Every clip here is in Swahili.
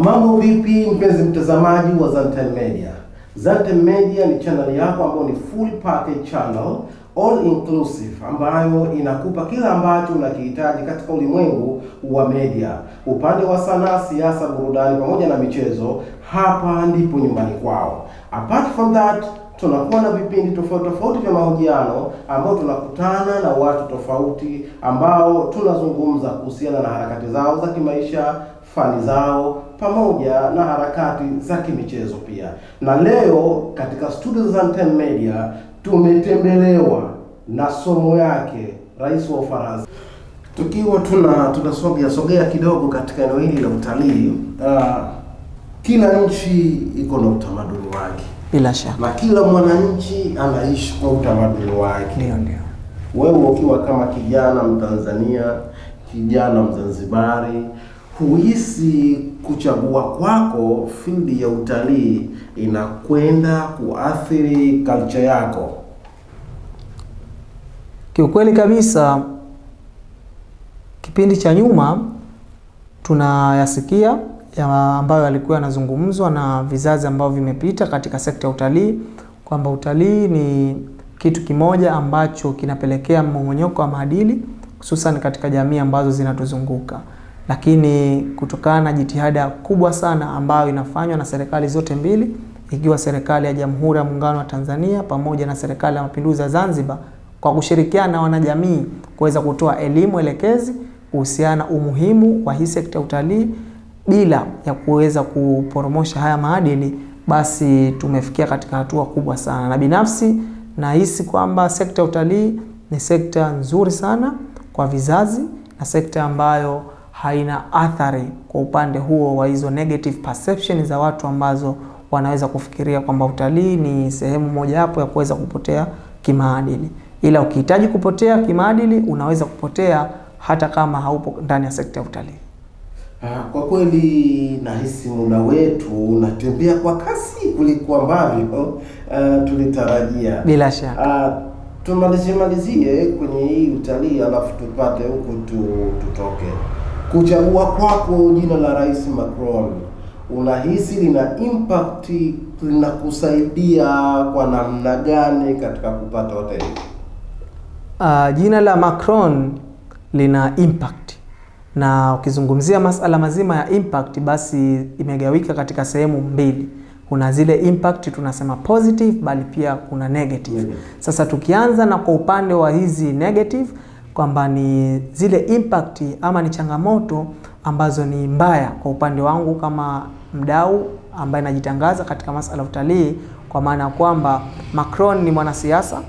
Mambo vipi mpenzi mtazamaji wa Zantime Media? Zantime Media ni channel yako ambayo ni full package channel all inclusive ambayo inakupa kila ambacho unakihitaji katika ulimwengu wa media, upande wa sanaa, siasa, burudani pamoja na michezo. Hapa ndipo nyumbani kwao. Apart from that tunakuwa na vipindi tofauti tofauti vya mahojiano ambao tunakutana na watu tofauti ambao tunazungumza kuhusiana na harakati zao za kimaisha, fani zao pamoja na harakati za kimichezo pia. Na leo katika studio za Antenne Media tumetembelewa na somo yake Rais wa Ufaransa tukiwa tuna tunasogea sogea kidogo katika eneo hili la utalii. Uh, kila nchi iko na utamaduni wake bila shaka, na kila mwananchi anaishi kwa utamaduni wake. Ndio, ndio. Wewe ukiwa kama kijana Mtanzania, kijana Mzanzibari, huhisi kuchagua kwako findi ya utalii inakwenda kuathiri culture yako? Kiukweli kabisa, kipindi cha nyuma tunayasikia ya ambayo yalikuwa yanazungumzwa na vizazi ambavyo vimepita katika sekta ya utalii kwamba utalii ni kitu kimoja ambacho kinapelekea mmomonyoko wa maadili hususan katika jamii ambazo zinatuzunguka lakini kutokana na jitihada kubwa sana ambayo inafanywa na serikali zote mbili, ikiwa serikali ya Jamhuri ya Muungano wa Tanzania pamoja na serikali ya Mapinduzi ya Zanzibar kwa kushirikiana na wanajamii kuweza kutoa elimu elekezi kuhusiana umuhimu wa hii sekta ya utalii bila ya kuweza kuporomosha haya maadili, basi tumefikia katika hatua kubwa sana, na binafsi nahisi kwamba sekta ya utalii ni sekta nzuri sana kwa vizazi na sekta ambayo haina athari kwa upande huo wa hizo negative perception za watu ambazo wanaweza kufikiria kwamba utalii ni sehemu moja hapo ya kuweza kupotea kimaadili. Ila ukihitaji kupotea kimaadili, unaweza kupotea hata kama haupo ndani ya sekta ya utalii. Ah, kwa kweli nahisi muda wetu unatembea kwa kasi kuliko ambavyo uh, tulitarajia. Bila shaka uh, tumalizie malizie kwenye hii utalii, alafu tupate huku tu, tutoke. Kuchagua kwako jina la Rais Macron unahisi lina impact, linakusaidia kwa namna gani katika kupata wateja? Uh, jina la Macron lina impact na ukizungumzia masala mazima ya impact, basi imegawika katika sehemu mbili. Kuna zile impact tunasema positive, bali pia kuna negative. Sasa tukianza na kwa upande wa hizi negative kwamba ni zile impact ama ni changamoto ambazo ni mbaya kwa upande wangu kama mdau ambaye najitangaza katika masuala ya utalii, kwa maana ya kwamba Macron ni mwanasiasa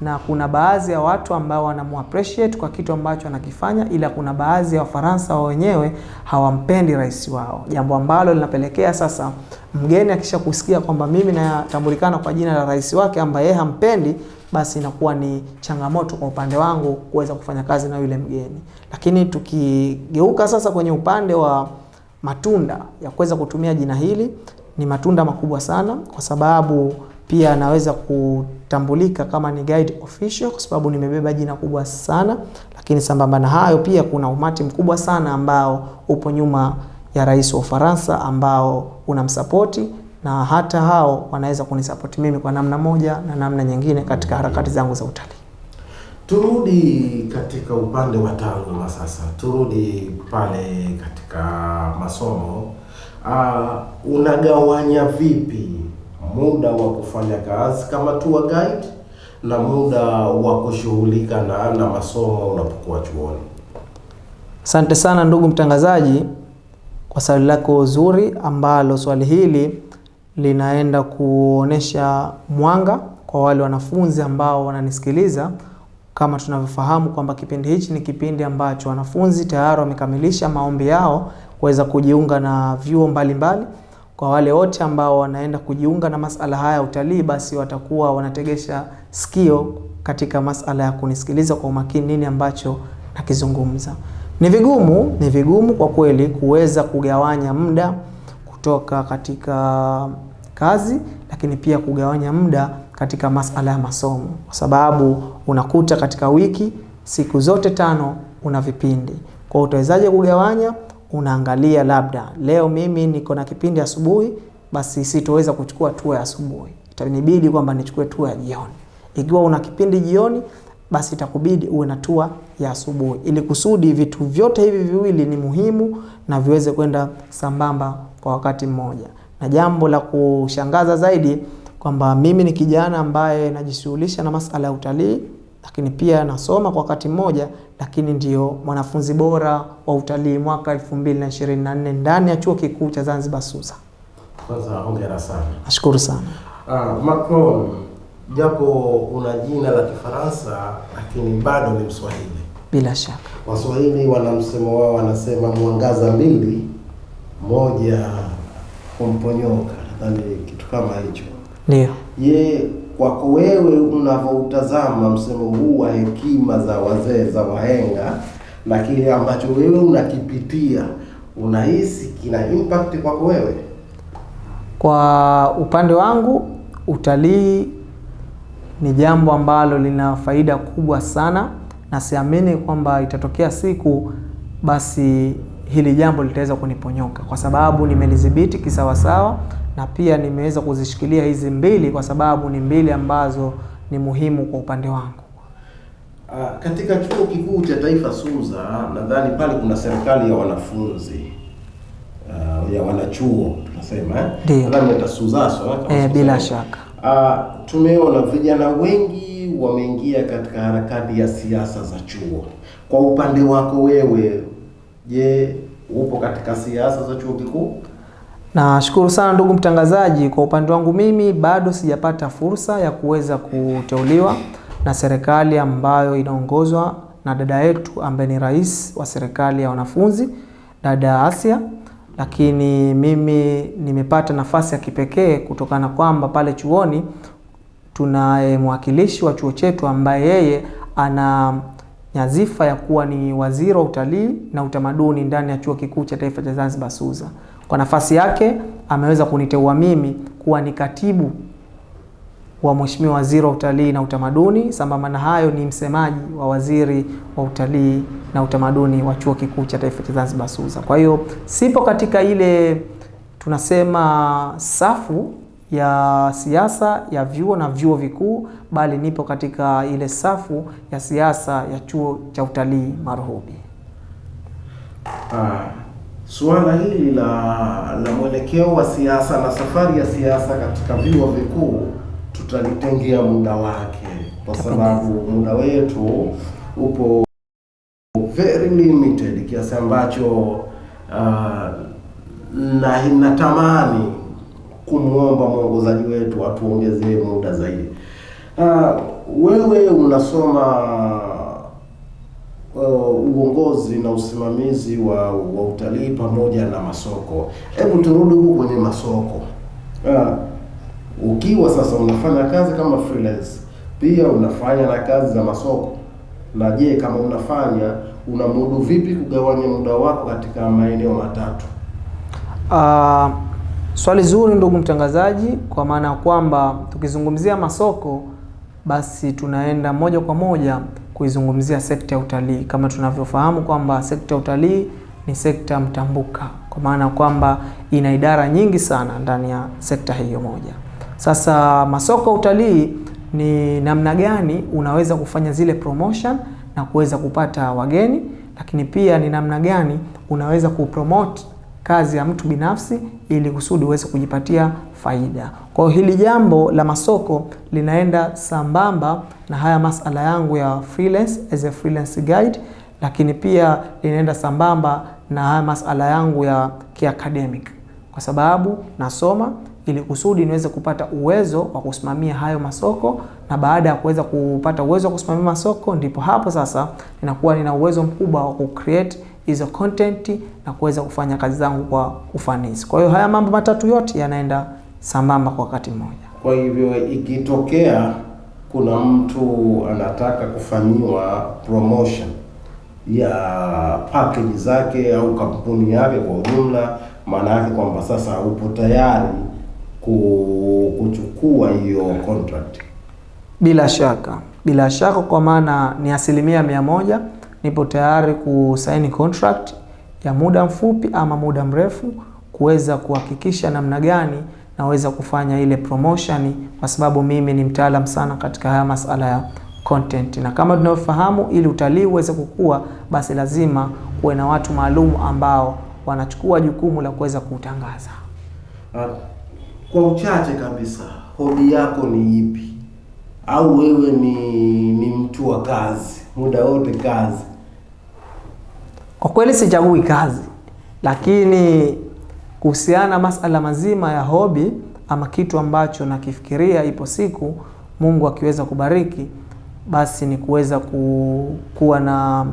na kuna baadhi ya watu ambao wanamuappreciate kwa kitu ambacho anakifanya, ila kuna baadhi ya Wafaransa wao wenyewe hawampendi rais wao, jambo ambalo linapelekea sasa mgeni akisha kusikia kwamba mimi natambulikana kwa jina la rais wake ambaye yeye hampendi, basi inakuwa ni changamoto kwa upande wangu kuweza kufanya kazi na yule mgeni. Lakini tukigeuka sasa kwenye upande wa matunda ya kuweza kutumia jina hili, ni matunda makubwa sana kwa sababu pia anaweza ku tambulika kama ni guide official kwa sababu nimebeba jina kubwa sana, lakini sambamba na hayo pia kuna umati mkubwa sana ambao upo nyuma ya rais wa Ufaransa ambao unamsapoti na hata hao wanaweza kunisapoti mimi kwa namna moja na namna nyingine katika harakati zangu za utalii. Turudi katika upande wa taaluma sasa, turudi pale katika masomo. Uh, unagawanya vipi muda wa kufanya kazi kama tour guide na muda wa kushughulika na na masomo unapokuwa chuoni. Asante sana ndugu mtangazaji kwa swali lako zuri, ambalo swali hili linaenda kuonesha mwanga kwa wale wanafunzi ambao wananisikiliza. Kama tunavyofahamu kwamba kipindi hichi ni kipindi ambacho wanafunzi tayari wamekamilisha maombi yao kuweza kujiunga na vyuo mbalimbali mbali kwa wale wote ambao wanaenda kujiunga na masala haya ya utalii, basi watakuwa wanategesha sikio katika masala ya kunisikiliza kwa umakini, nini ambacho nakizungumza. Ni vigumu, ni vigumu kwa kweli kuweza kugawanya muda kutoka katika kazi, lakini pia kugawanya muda katika masala ya masomo, kwa sababu unakuta katika wiki siku zote tano una vipindi. Kwa utawezaje kugawanya? unaangalia labda leo mimi niko na kipindi asubuhi, basi sitoweza kuchukua tour ya asubuhi, itanibidi kwamba nichukue tour ya jioni. Ikiwa una kipindi jioni, basi itakubidi uwe na tour ya asubuhi, ili kusudi vitu vyote hivi viwili ni muhimu na viweze kwenda sambamba kwa wakati mmoja. Na jambo la kushangaza zaidi kwamba mimi ni kijana ambaye najishughulisha na masala ya utalii, lakini pia nasoma kwa wakati mmoja lakini ndio mwanafunzi bora wa utalii mwaka 2024 ndani ya chuo kikuu cha Zanzibar Suza. Kwanza hongera sana. Nashukuru sana. Uh, Macron japo una jina la Kifaransa lakini bado ni Mswahili. Bila shaka Waswahili wana msemo wao, wanasema mwangaza mbili moja kumponyoka, nadhani kitu kama hicho. Ndio. Je, kwako wewe unavyoutazama msemo huu wa hekima za wazee za wahenga na kile ambacho wewe unakipitia unahisi kina impact kwako wewe? Kwa upande wangu, utalii ni jambo ambalo lina faida kubwa sana, na siamini kwamba itatokea siku basi hili jambo litaweza kuniponyoka, kwa sababu nimelidhibiti kisawasawa na pia nimeweza kuzishikilia hizi mbili kwa sababu ni mbili ambazo ni muhimu kwa upande wangu. Ah, katika Chuo Kikuu cha Taifa SUZA, nadhani pale kuna serikali ya wanafunzi uh, ya wanachuo tunasema eh, SUZASO eh, bila shaka uh, tumeona vijana wengi wameingia katika harakati ya siasa za chuo. Kwa upande wako wewe, je, upo katika siasa za chuo kikuu? Nashukuru sana ndugu mtangazaji. Kwa upande wangu mimi bado sijapata fursa ya kuweza kuteuliwa na serikali ambayo inaongozwa na dada yetu ambaye ni rais wa serikali ya wanafunzi, dada Asia, lakini mimi nimepata nafasi ya kipekee kutokana kwamba pale chuoni tunaye mwakilishi wa chuo chetu ambaye yeye ana nyazifa ya kuwa ni waziri wa utalii na utamaduni ndani ya Chuo Kikuu cha Taifa cha Zanzibar SUZA. Kwa nafasi yake ameweza kuniteua mimi kuwa ni katibu wa Mheshimiwa Waziri wa Utalii na Utamaduni. Sambamba na hayo, ni msemaji wa Waziri wa Utalii na Utamaduni wa Chuo Kikuu cha Taifa cha Zanzibar SUZA. Kwa hiyo sipo katika ile tunasema safu ya siasa ya vyuo na vyuo vikuu, bali nipo katika ile safu ya siasa ya chuo cha utalii Maruhubi. Ah. Suala hili la la mwelekeo wa siasa na safari ya siasa katika vyuo vikuu tutalitengea muda wake, kwa sababu muda wetu upo very limited kiasi ambacho uh, na natamani kumwomba mwongozaji wetu atuongezee muda zaidi. Uh, wewe unasoma uh, uongozi na usimamizi wa, wa utalii pamoja na masoko. Hebu turudi huko kwenye masoko. Uh, ukiwa sasa unafanya kazi kama freelance, pia unafanya na kazi za masoko. Na je, kama unafanya unamudu vipi kugawanya muda wako katika maeneo matatu? Uh, swali zuri ndugu mtangazaji, kwa maana ya kwamba tukizungumzia masoko basi tunaenda moja kwa moja kuizungumzia sekta ya utalii, kama tunavyofahamu kwamba sekta ya utalii ni sekta mtambuka, kwa maana kwamba ina idara nyingi sana ndani ya sekta hiyo moja. Sasa masoko ya utalii ni namna gani unaweza kufanya zile promotion na kuweza kupata wageni, lakini pia ni namna gani unaweza kupromote kazi ya mtu binafsi ili kusudi uweze kujipatia faida. Kwa hiyo hili jambo la masoko linaenda sambamba na haya masala yangu ya freelance as a freelance guide, lakini pia linaenda sambamba na haya masala yangu ya kiacademic, kwa sababu nasoma ili kusudi niweze kupata uwezo wa kusimamia hayo masoko, na baada ya kuweza kupata uwezo wa kusimamia masoko, ndipo hapo sasa ninakuwa nina uwezo mkubwa wa kucreate hizo content na kuweza kufanya kazi zangu kwa ufanisi. Kwa hiyo haya mambo matatu yote yanaenda sambamba kwa wakati mmoja. Kwa hivyo ikitokea kuna mtu anataka kufanyiwa promotion ya package zake au kampuni yake kwa ujumla, maana yake kwamba sasa upo tayari kuchukua hiyo contract? Bila shaka, bila shaka, kwa maana ni asilimia mia moja nipo tayari kusaini contract ya muda mfupi ama muda mrefu kuweza kuhakikisha namna gani naweza kufanya ile promotion, kwa sababu mimi ni mtaalam sana katika haya masala ya content. Na kama tunavyofahamu, ili utalii uweze kukua, basi lazima kuwe na watu maalum ambao wanachukua jukumu la kuweza kuutangaza. Ah, kwa uchache kabisa, hobi yako ni ipi? Au wewe ni, ni mtu wa kazi? muda wote kazi. Kwa kweli sichagui kazi, lakini kuhusiana masala mazima ya hobi ama kitu ambacho nakifikiria, ipo siku Mungu akiweza kubariki, basi ni kuweza ku, kuwa na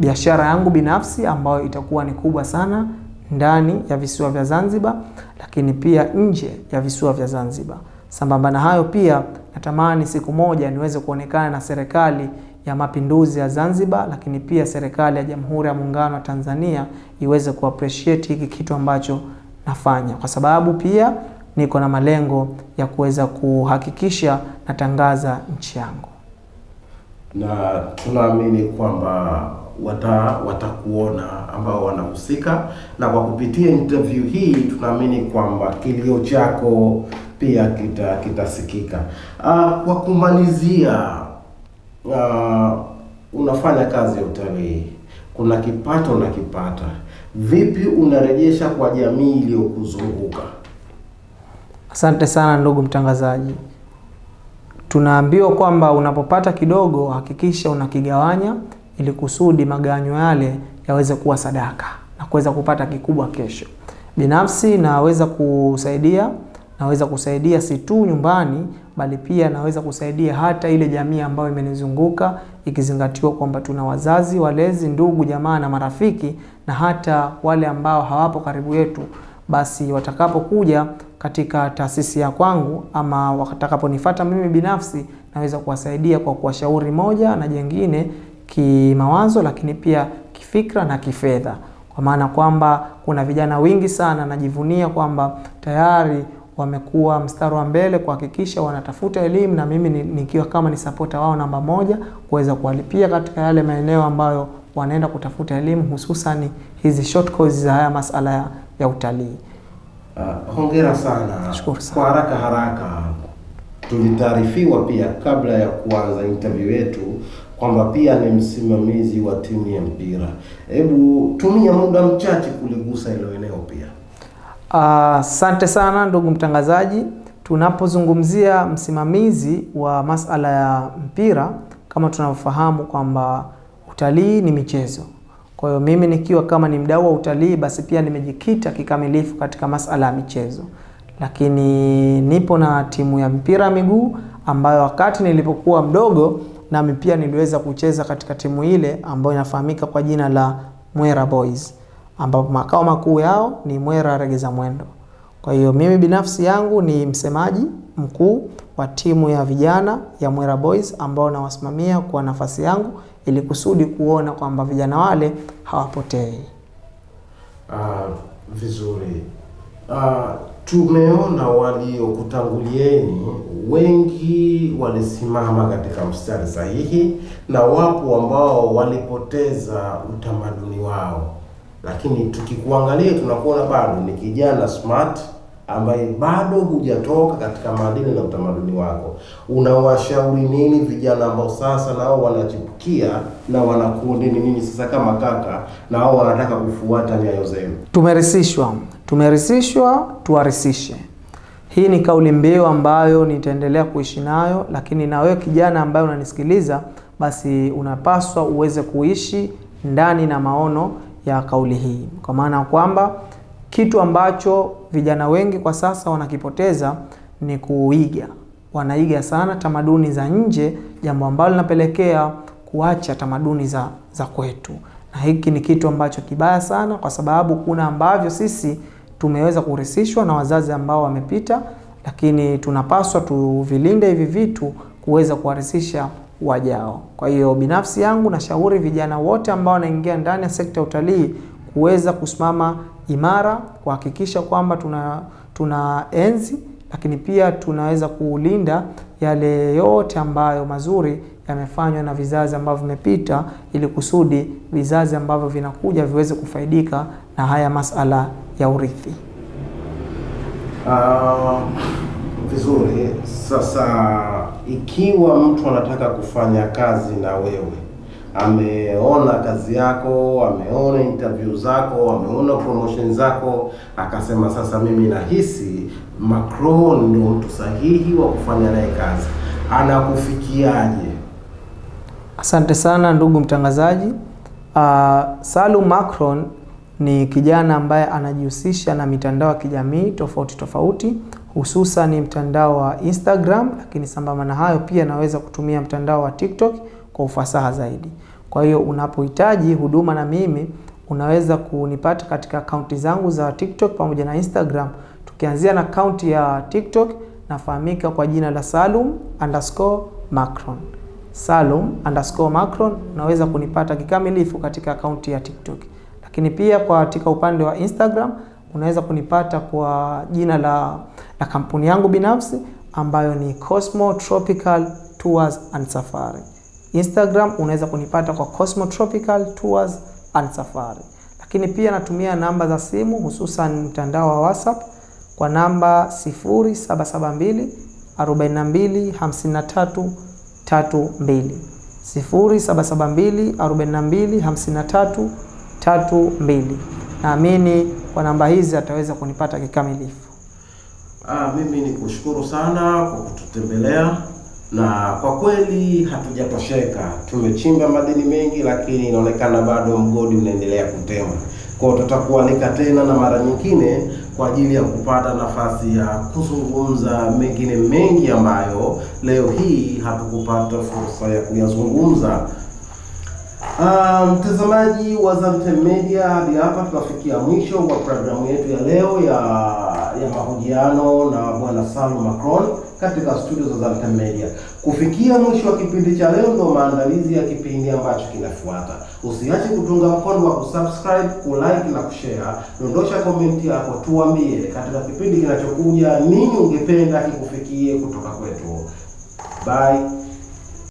biashara yangu binafsi ambayo itakuwa ni kubwa sana ndani ya visiwa vya Zanzibar, lakini pia nje ya visiwa vya Zanzibar. Sambamba na hayo, pia natamani siku moja niweze kuonekana na serikali ya Mapinduzi ya Zanzibar, lakini pia serikali ya Jamhuri ya Muungano wa Tanzania iweze kuappreciate hiki kitu ambacho nafanya, kwa sababu pia niko na malengo ya kuweza kuhakikisha natangaza nchi yangu, na tunaamini kwamba wata watakuona ambao wanahusika, na kwa kupitia interview hii tunaamini kwamba kilio chako pia kita kitasikika. Uh, kwa kumalizia uh, unafanya kazi ya utalii, kuna kipato unakipata, vipi unarejesha kwa jamii iliyokuzunguka? Asante sana ndugu mtangazaji. Tunaambiwa kwamba unapopata kidogo, hakikisha unakigawanya ili kusudi maganyo yale yaweze kuwa sadaka na kuweza kupata kikubwa kesho. Binafsi naweza kusaidia, naweza kusaidia si tu nyumbani bali pia naweza kusaidia hata ile jamii ambayo imenizunguka ikizingatiwa kwamba tuna wazazi, walezi, ndugu, jamaa na marafiki na hata wale ambao hawapo karibu yetu, basi watakapokuja katika taasisi ya kwangu ama watakaponifuata mimi binafsi, naweza kuwasaidia kwa kuwashauri moja na jengine kimawazo, lakini pia kifikra na kifedha, kwa maana kwamba kuna vijana wingi sana najivunia kwamba tayari wamekuwa mstari wa mbele kuhakikisha wanatafuta elimu, na mimi nikiwa kama ni sapota wao namba moja kuweza kuwalipia katika yale maeneo ambayo wanaenda kutafuta elimu, hususan hizi short courses za haya masala ya, ya utalii. Uh, hongera sana. Shukuru sana. Kwa haraka haraka tulitaarifiwa pia kabla ya kuanza interview yetu kwamba pia ni msimamizi wa timu ya mpira. Hebu tumia muda mchache kuligusa hilo eneo pia. Asante uh, sana ndugu mtangazaji. Tunapozungumzia msimamizi wa masala ya mpira, kama tunavyofahamu kwamba utalii ni michezo. Kwa hiyo mimi nikiwa kama ni mdau wa utalii, basi pia nimejikita kikamilifu katika masala ya michezo, lakini nipo na timu ya mpira miguu ambayo wakati nilipokuwa mdogo nami pia niliweza kucheza katika timu ile ambayo inafahamika kwa jina la Mwera Boys ambapo makao makuu yao ni Mwera za Mwendo. Kwa hiyo mimi binafsi yangu ni msemaji mkuu wa timu ya vijana ya Mwera Boys ambao nawasimamia kwa nafasi yangu ili kusudi kuona kwamba vijana wale hawapotei. Uh, vizuri. Uh, tumeona waliokutangulieni wengi walisimama katika mstari sahihi na wapo ambao walipoteza utamaduni wao lakini tukikuangalia tunakuona bado ni kijana smart ambaye bado hujatoka katika maadili na utamaduni wako. Unawashauri nini vijana ambao sasa nao wanachipukia na wanakuoneni nini sasa kama kaka, na wao wanataka kufuata nyayo zenu? Tumerisishwa, tumerisishwa, tuwarisishe. Hii ni kauli mbiu ambayo nitaendelea kuishi nayo, lakini na wewe kijana ambaye unanisikiliza, basi unapaswa uweze kuishi ndani na maono ya kauli hii, kwa maana kwamba kitu ambacho vijana wengi kwa sasa wanakipoteza ni kuiga. Wanaiga sana tamaduni za nje, jambo ambalo linapelekea kuacha tamaduni za, za kwetu, na hiki ni kitu ambacho kibaya sana, kwa sababu kuna ambavyo sisi tumeweza kurisishwa na wazazi ambao wamepita, lakini tunapaswa tuvilinde hivi vitu kuweza kuwarisisha wajao. Kwa hiyo binafsi yangu nashauri vijana wote ambao wanaingia ndani ya sekta ya utalii kuweza kusimama imara, kuhakikisha kwamba tuna enzi lakini pia tunaweza kuulinda yale yote ambayo mazuri yamefanywa na vizazi ambavyo vimepita, ili kusudi vizazi ambavyo vinakuja viweze kufaidika na haya masala ya urithi. Uh, vizuri. Sasa ikiwa mtu anataka kufanya kazi na wewe, ameona kazi yako, ameona interview zako, ameona promotion zako, akasema sasa, mimi nahisi Macron ndio mtu sahihi wa kufanya naye kazi, anakufikiaje? Asante sana ndugu mtangazaji. Uh, Salum Macron ni kijana ambaye anajihusisha na mitandao ya kijamii tofauti tofauti hususan mtandao wa Instagram, lakini sambamba na hayo pia naweza kutumia mtandao wa TikTok kwa ufasaha zaidi. Kwa hiyo unapohitaji huduma na mimi unaweza kunipata katika akaunti zangu za TikTok pamoja na Instagram. Tukianzia na akaunti ya TikTok nafahamika kwa jina la Salum underscore Macron. Salum underscore Macron, unaweza kunipata kikamilifu katika akaunti ya TikTok, lakini pia katika upande wa Instagram unaweza kunipata kwa jina la, la kampuni yangu binafsi ambayo ni Cosmo Tropical Tours and Safari. Instagram unaweza kunipata kwa Cosmo Tropical Tours and Safari, lakini pia natumia namba za simu hususan mtandao wa WhatsApp kwa namba 0772 42 53 32 naamini kwa namba hizi ataweza kunipata kikamilifu. Ah, mimi ni kushukuru sana kwa kututembelea na kwa kweli hatujatosheka. Tumechimba madini mengi, lakini inaonekana bado mgodi unaendelea kutema. Kwa hiyo tutakualika tena na mara nyingine kwa ajili ya kupata nafasi ya kuzungumza mengine mengi ambayo leo hii hatukupata fursa ya kuyazungumza. Ah, mtazamaji um, wa Zantime Media, hadi hapa tunafikia mwisho wa programu yetu ya leo ya ya mahojiano na bwana Salum Macron katika studio za Zantime Media. Kufikia mwisho wa kipindi cha leo, ndio maandalizi ya kipindi ambacho kinafuata. Usiache kutunga mkono wa kusubscribe, kulike na kushare. Dondosha komenti yako, tuambie katika kipindi kinachokuja nini ungependa kikufikie kutoka kwetu. Bye.